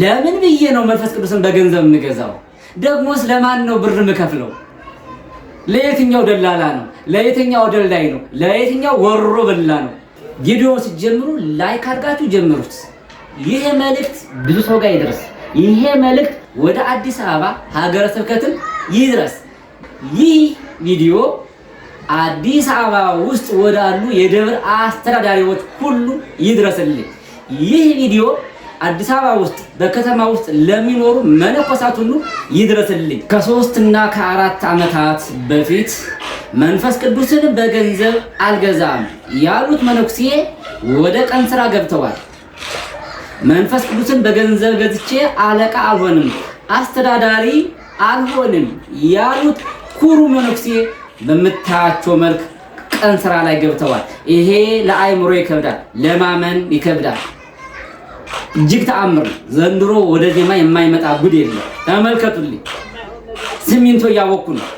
ለምን ብዬ ነው መንፈስ ቅዱስን በገንዘብ የምገዛው? ደግሞስ ለማን ነው ብር የምከፍለው? ለየትኛው ደላላ ነው? ለየትኛው ደላይ ነው? ለየትኛው ወሮ በላ ነው? ቪዲዮ ሲጀምሩ ላይክ አድርጋችሁ ጀምሩት። ይሄ መልእክት ብዙ ሰው ጋር ይድረስ። ይሄ መልእክት ወደ አዲስ አበባ ሀገረ ስብከትም ይድረስ። ይህ ቪዲዮ አዲስ አበባ ውስጥ ወዳሉ የደብር አስተዳዳሪዎች ሁሉ ይድረስልኝ። ይህ ቪዲዮ አዲስ አበባ ውስጥ በከተማ ውስጥ ለሚኖሩ መነኮሳት ሁሉ ይድረስልኝ። ከሶስትና ከአራት ዓመታት በፊት መንፈስ ቅዱስን በገንዘብ አልገዛም ያሉት መነኩሴ ወደ ቀን ስራ ገብተዋል። መንፈስ ቅዱስን በገንዘብ ገዝቼ አለቃ አልሆንም፣ አስተዳዳሪ አልሆንም ያሉት ኩሩ መነኩሴ በምታያቸው መልክ ቀን ስራ ላይ ገብተዋል። ይሄ ለአእምሮ ይከብዳል፣ ለማመን ይከብዳል። እጅግ ተአምር ዘንድሮ ወደ ዜማ የማይመጣ ጉድ የለም። ተመልከቱልኝ። ሲሚንቶ እያቦኩ ነው።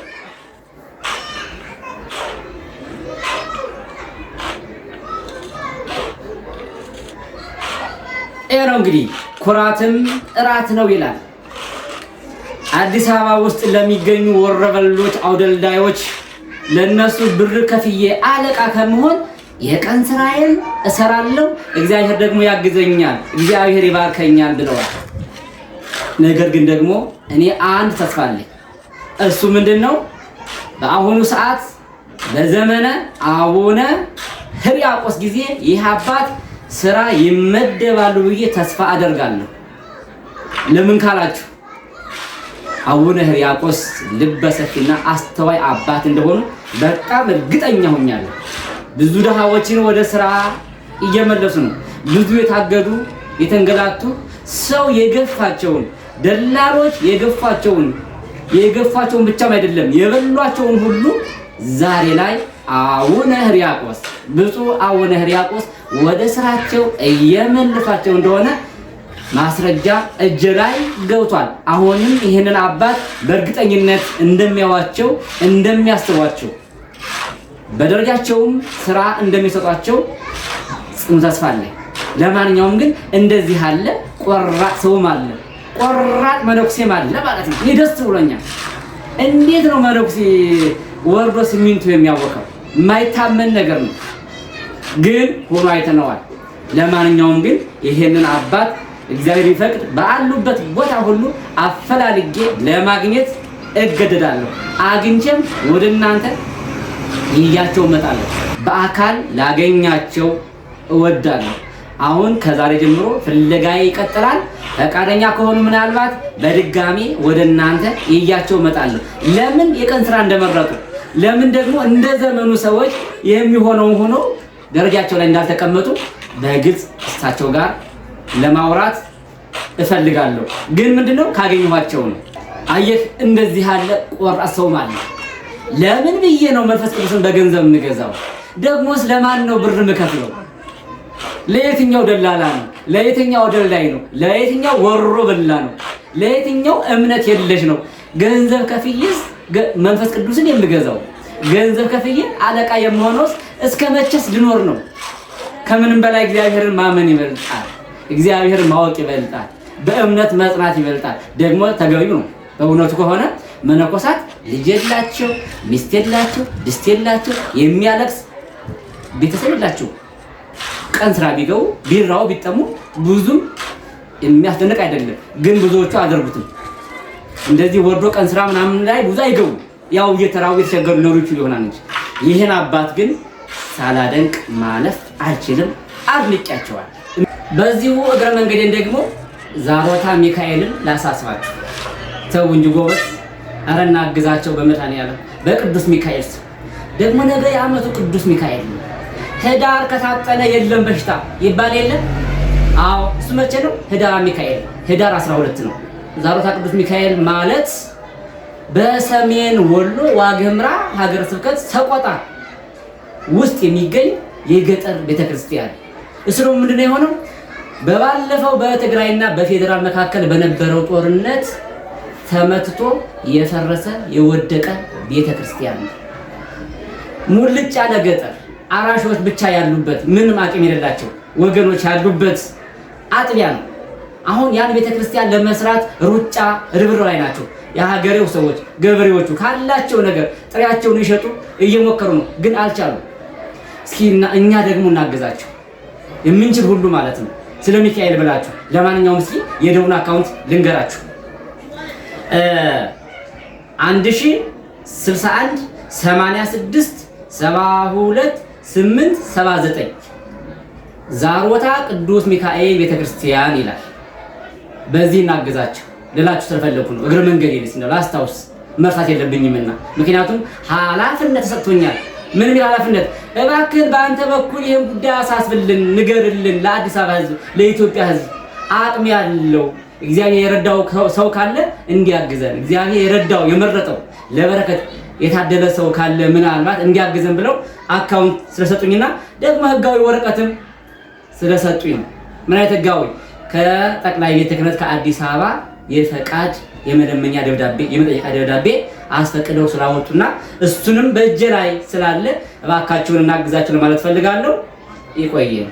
ይሄ ነው እንግዲህ ኩራትም ጥራት ነው ይላል። አዲስ አበባ ውስጥ ለሚገኙ ወረበሎች፣ አውደልዳዮች ለነሱ ብር ከፍዬ አለቃ ከመሆን የቀን ስራዬን እሰራለሁ፣ እግዚአብሔር ደግሞ ያግዘኛል፣ እግዚአብሔር ይባርከኛል ብለዋል። ነገር ግን ደግሞ እኔ አንድ ተስፋ አለኝ። እሱ ምንድን ነው? በአሁኑ ሰዓት በዘመነ አቡነ ሕርያቆስ ጊዜ ይህ አባት ስራ ይመደባሉ ብዬ ተስፋ አደርጋለሁ። ለምን ካላችሁ አቡነ ሕርያቆስ ልበሰፊና አስተዋይ አባት እንደሆኑ በጣም እርግጠኛ ሆኛለሁ። ብዙ ድሃዎችን ወደ ስራ እየመለሱ ነው። ብዙ የታገዱ የተንገላቱ ሰው የገፋቸውን ደላሎች የገፋቸውን የገፋቸውን ብቻም አይደለም የበሏቸውን ሁሉ ዛሬ ላይ አቡነ ሕርያቆስ ብፁዕ አቡነ ሕርያቆስ ወደ ስራቸው እየመለሷቸው እንደሆነ ማስረጃ እጅ ላይ ገብቷል። አሁንም ይህንን አባት በእርግጠኝነት እንደሚያዋቸው እንደሚያስቧቸው በደረጃቸውም ስራ እንደሚሰጧቸው ጽኑ ተስፋ አለ። ለማንኛውም ግን እንደዚህ አለ ቆራጥ ሰውም አለ ቆራጥ መነኩሴም አለ ማለት ነው። ይህ ደስ ብሎኛል። እንዴት ነው መነኩሴ ወርዶ ሲሚንቶ የሚያወቀው? የማይታመን ነገር ነው፣ ግን ሆኖ አይተነዋል። ለማንኛውም ግን ይሄንን አባት እግዚአብሔር ይፈቅድ ባሉበት ቦታ ሁሉ አፈላልጌ ለማግኘት እገደዳለሁ። አግኝቼም ወደ እናንተ ይያቸው እመጣለሁ። በአካል ላገኛቸው እወዳለሁ። አሁን ከዛሬ ጀምሮ ፍለጋዬ ይቀጥላል። ፈቃደኛ ከሆኑ ምናልባት በድጋሚ ወደ እናንተ ይያቸው እመጣለሁ። ለምን የቀን ስራ እንደመረጡ ለምን ደግሞ እንደ ዘመኑ ሰዎች የሚሆነው ሆኖ ደረጃቸው ላይ እንዳልተቀመጡ በግልጽ እሳቸው ጋር ለማውራት እፈልጋለሁ። ግን ምንድነው ካገኘኋቸው ነው። አየህ እንደዚህ ያለ ቆራ ሰውም አለ። ለምን ብዬ ነው መንፈስ ቅዱስን በገንዘብ የምገዛው? ደግሞስ ለማን ነው ብር ምከፍለው? ለየትኛው ደላላ ነው? ለየትኛው ደላይ ነው? ለየትኛው ወሮ በላ ነው? ለየትኛው እምነት የለሽ ነው? ገንዘብ ከፍዬስ መንፈስ ቅዱስን የምገዛው? ገንዘብ ከፍዬ አለቃ የምሆነውስ እስከ መቼስ ልኖር ነው? ከምንም በላይ እግዚአብሔርን ማመን ይበልጣል። እግዚአብሔርን ማወቅ ይበልጣል። በእምነት መጽናት ይበልጣል። ደግሞ ተገቢው ነው። በእውነቱ ከሆነ መነኮሳት ልጅ የላቸው፣ ሚስት የላቸው፣ ድስት የላቸው፣ የሚያለቅስ ቤተሰብ የላቸው። ቀን ስራ ቢገቡ ቢራው ቢጠሙ ብዙም የሚያስደንቅ አይደለም፣ ግን ብዙዎቹ አያደርጉትም። እንደዚህ ወርዶ ቀን ስራ ምናምን ላይ ብዙ አይገቡ፣ ያው እየተራቡ የተቸገሩ ሊኖሩ ይችሉ ይሆናል እንጂ ይህን አባት ግን ሳላደንቅ ማለፍ አልችልም። አድንቄያቸዋል። በዚሁ እግረ መንገዴን ደግሞ ዛሮታ ሚካኤልን ላሳስባችሁ። ተው እንጂ ጎበዝ አረ እናግዛቸው በመድኃኒዓለም በቅዱስ ሚካኤል ስም። ደግሞ ነገ የዓመቱ ቅዱስ ሚካኤል ነው። ህዳር ከታጠነ የለም በሽታ ይባል የለም? አዎ እሱ መቼ ነው? ህዳር ሚካኤል ህዳር 12 ነው። ዛሮታ ቅዱስ ሚካኤል ማለት በሰሜን ወሎ ዋግምራ ሀገረ ስብከት ሰቆጣ ውስጥ የሚገኝ የገጠር ቤተክርስቲያን እሱ ነው። ምንድነው የሆነው? በባለፈው በትግራይና በፌዴራል መካከል በነበረው ጦርነት ተመትቶ የፈረሰ የወደቀ ቤተ ክርስቲያን ነው። ሙልጭ ያለ ገጠር አራሾች ብቻ ያሉበት ምንም አቅም የሌላቸው ወገኖች ያሉበት አጥቢያ ነው። አሁን ያን ቤተ ክርስቲያን ለመስራት ሩጫ ርብር ላይ ናቸው። የሀገሬው ሰዎች ገበሬዎቹ ካላቸው ነገር ጥሬያቸውን ይሸጡ እየሞከሩ ነው፣ ግን አልቻሉም። እስኪ እኛ ደግሞ እናገዛቸው የምንችል ሁሉ ማለት ነው። ስለ ሚካኤል ብላችሁ ለማንኛውም እስኪ የደቡን አካውንት ልንገራችሁ። አንድ ሺ ስልሳ አንድ ሰማንያ ስድስት ሰባ ሁለት ስምንት ሰባ ዘጠኝ ዛሮታ ቅዱስ ሚካኤል ቤተክርስቲያን ይላል። በዚህ እናገዛቸው ልላችሁ ስለፈለኩ ነው። እግረ መንገድ ይልስ ነው ላስታውስ መርሳት የለብኝምና ምክንያቱም ኃላፊነት ተሰጥቶኛል። ምን የሚል ኃላፊነት? እባክህን በአንተ በኩል ይህን ጉዳይ አሳስብልን፣ ንገርልን፣ ለአዲስ አበባ ህዝብ ለኢትዮጵያ ህዝብ አቅም ያለው እግዚአብሔር የረዳው ሰው ካለ እንዲያግዘን እግዚአብሔር የረዳው የመረጠው ለበረከት የታደለ ሰው ካለ ምናልባት እንዲያግዘን ብለው አካውንት ስለሰጡኝና ደግሞ ህጋዊ ወረቀትም ስለሰጡኝ ምን አይነት ህጋዊ ከጠቅላይ ቤተ ክህነት ከአዲስ አበባ የፈቃድ የመለመኛ ደብዳቤ የመጠየቂያ ደብዳቤ አስፈቅደው ስላወጡና እሱንም በእጄ ላይ ስላለ እባካችሁን እናግዛችሁ ለማለት ፈልጋለሁ። ይቆየን።